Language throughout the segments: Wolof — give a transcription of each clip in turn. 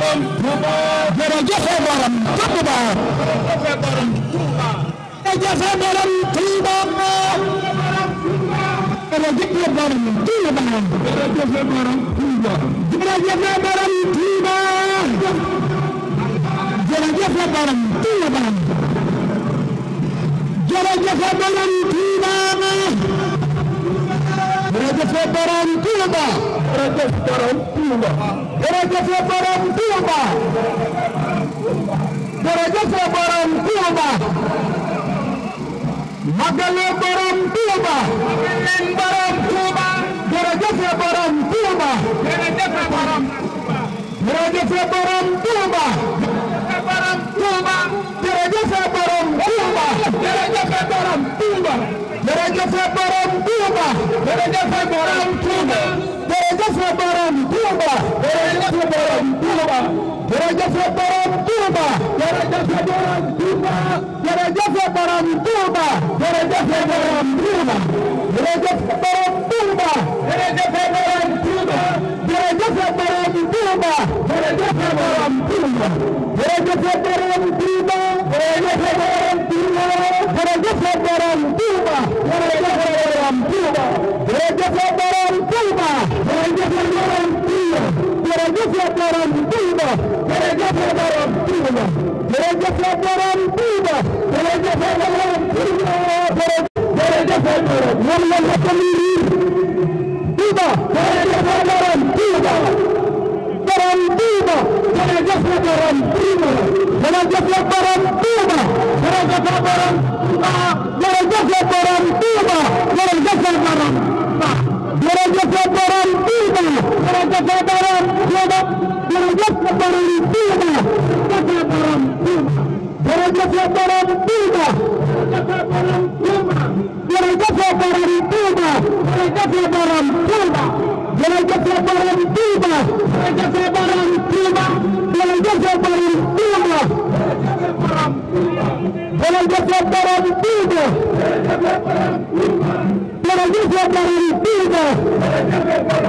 borom Touba jërëjëf borom Touba jërëjëf borom Touba jërëjëf borom Touba jërëjëf borom Touba jërëjëf borom Touba jërëjëf borom Touba jërëjëf borom Touba jërëjëf borom Touba jërëjëf borom Touba jërëjëf borom Touba jërëjëf borom Touba jërëjëf borom Touba magale borom Touba magale borom Touba jërëjëf borom Touba jërëjëf borom Touba jërëjëf borom Touba borom Touba jërëjëf borom Touba jërëjëf borom Touba jërëjëf borom Touba jërëjëf borom Touba jërëjëf borom Touba jërëjëf borom Touba jërëjëf borom Touba jërëjëf borom Touba jërëjëf borom Touba jërëjëf borom Touba jërëjëf borom Touba jërëjëf borom Touba jërëjëf borom Touba jërëjëf borom Touba jërëjëf borom Touba jërëjëf borom Touba jërëjëf borom Touba jërëjëf borom Touba jërëjëf borom jërëjëf la borom Tuuba jërëjëf la borom Tuuba jërëjëf la borom moom la nga ko liir Tuuba jërëjëf la borom Tuuba borom Tuuba jërëjëf la borom Tuuba jërëjëf la borom Tuuba jërëjëf la borom Tuuba jërëjëf la borom Tuuba jërëjëf la borom Tuuba jërëjëf la borom Tuuba jërëjëf la borom Tuuba jërëjëf la borom Touba jërëjëf la borom Touba jërëjëf la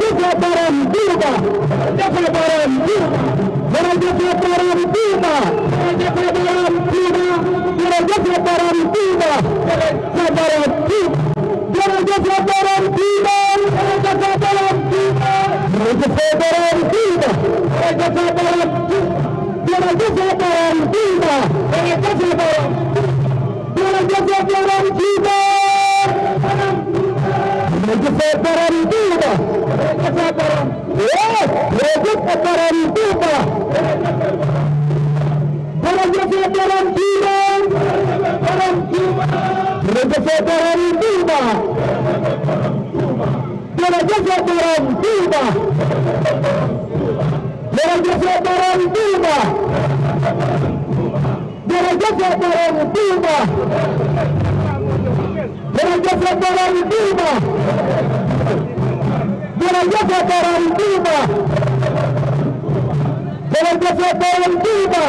jëfee baaraam Touba jëfee baaraam Touba dana jëfee baaraam Touba dana jëfee baaraam Touba dana jëfee baaraam Touba dana jëfee baaraam Touba borom Touba jërëjëf borom Touba borom Touba jërëjëf borom Touba jërëjëf borom Touba jërëjëf borom Touba jërëjëf borom Touba jërëjëf borom Touba jërëjëf borom Touba jërëjëf borom Touba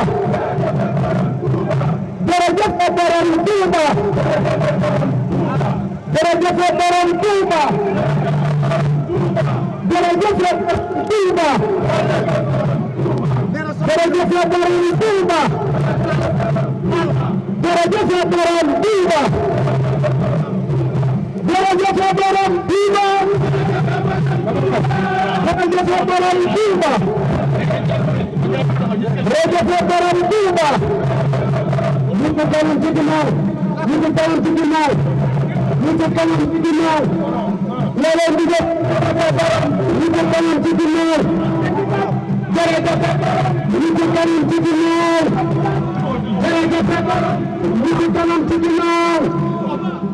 jërëjëf borom Touba jërëjëf borom Touba jërëjëf Touba jërëjëf borom Touba jërëjëf borom Touba jërëjëf borom Touba jërëjëf borom Touba rejeté borom Touba ñu ko kanam ci ginnaaw ñu ko kanam ci ginnaaw ñu ko kanam ci ginnaaw loolee di jot ñu ko kanam ci ginnaaw jërëjëf ñu ko kanam ci ginnaaw jërëjëf ñu ko kanam ci ginnaaw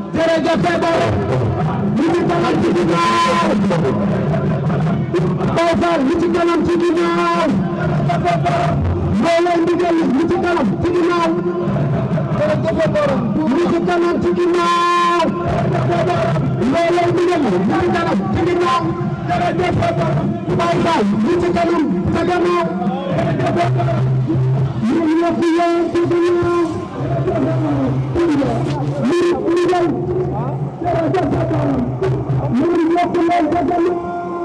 jërëjëf ñu ko kanam ci ginnaaw Baye Fall ñu ci kanam ci ginnaaw mbooloo ndigal li ci kanam ci ginnaaw li ci kanam ci ginnaaw mbooloo ndigal li ci kanam ci ginnaaw bay bay li ci kanam ca gannaaw ñu ñëpp yow ci ginnaaw ñu ndigal ñu ñëpp yow ca gannaaw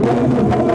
Yes,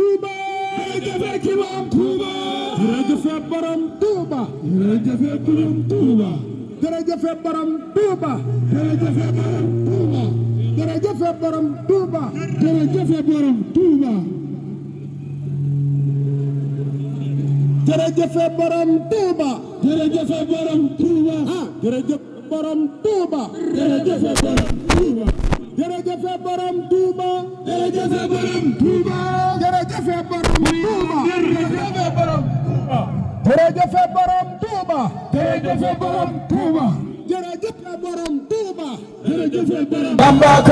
borom Touba. jërëjëfee borom Touba. jërëjëfee borom Touba. jërëjëfee borom Touba. jërëjëfee borom Touba. jërëjëfee borom Touba. jërëjëfee borom Touba. jërëjëfee borom Touba. ah jërëjëf borom Touba. jërëjëfee borom Touba. jërëjëfee borom Touba. jërëjëfee borom Touba. jërëjëfee borom Touba. jërëjëfee borom Touba. jërëjëf borom Touba. jërëjëf borom Touba. jërëjëf borom Touba. jërëjëf borom. Bamba ko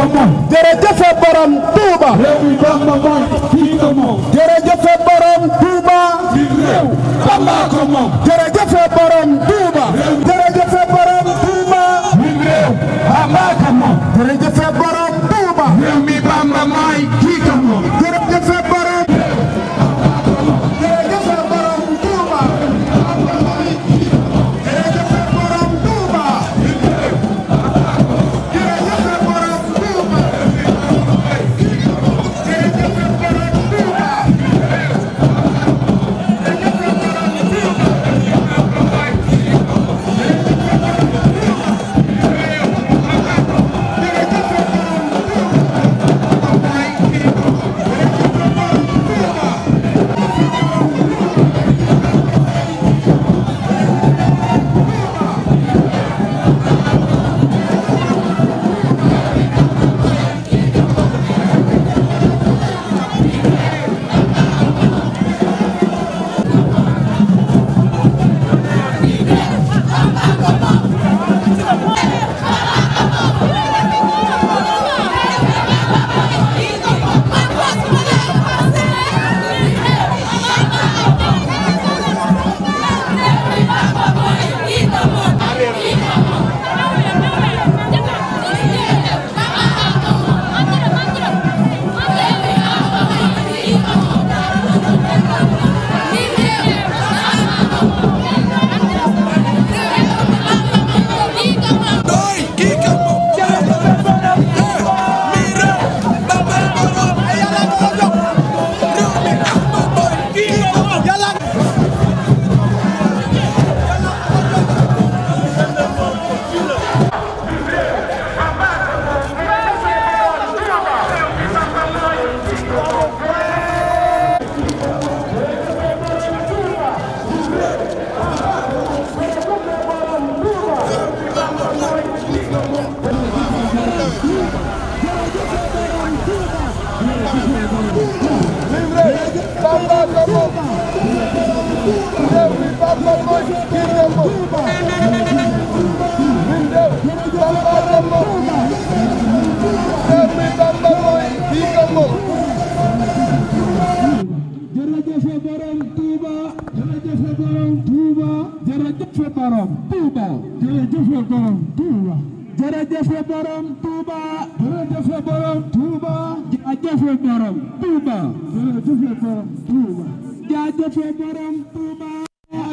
borom Touba jërëjëf borom Touba jërëjëf borom Touba jërëjëf borom Touba jërëjëf borom Touba jërëjëf borom Touba jërëjëf borom Touba jërëjëf borom Touba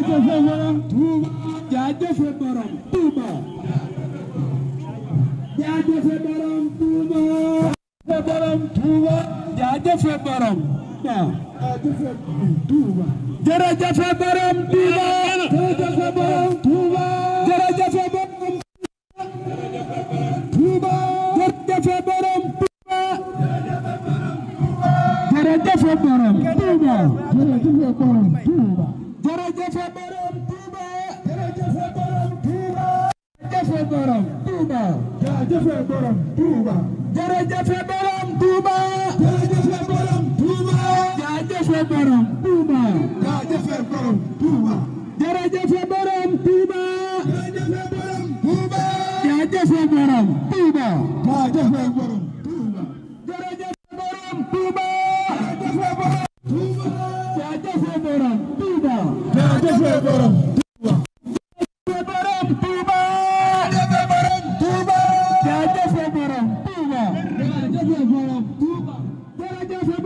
jërëjëf borom Touba jërëjëf borom Touba jërëjëf borom Touba jërëjëf borom waaw jërëjëf borom Tuuba jërëjëf borom Tuuba jërëjëf borom Tuuba jërëjëf borom Tuuba jërëjëf borom Tuuba jërëjëf borom Tuuba jërëjëf borom Tuuba jërëjëf borom Tuuba jërëjëf borom Tuuba jërëjëf borom Tuuba jërëjëf borom jërëjëf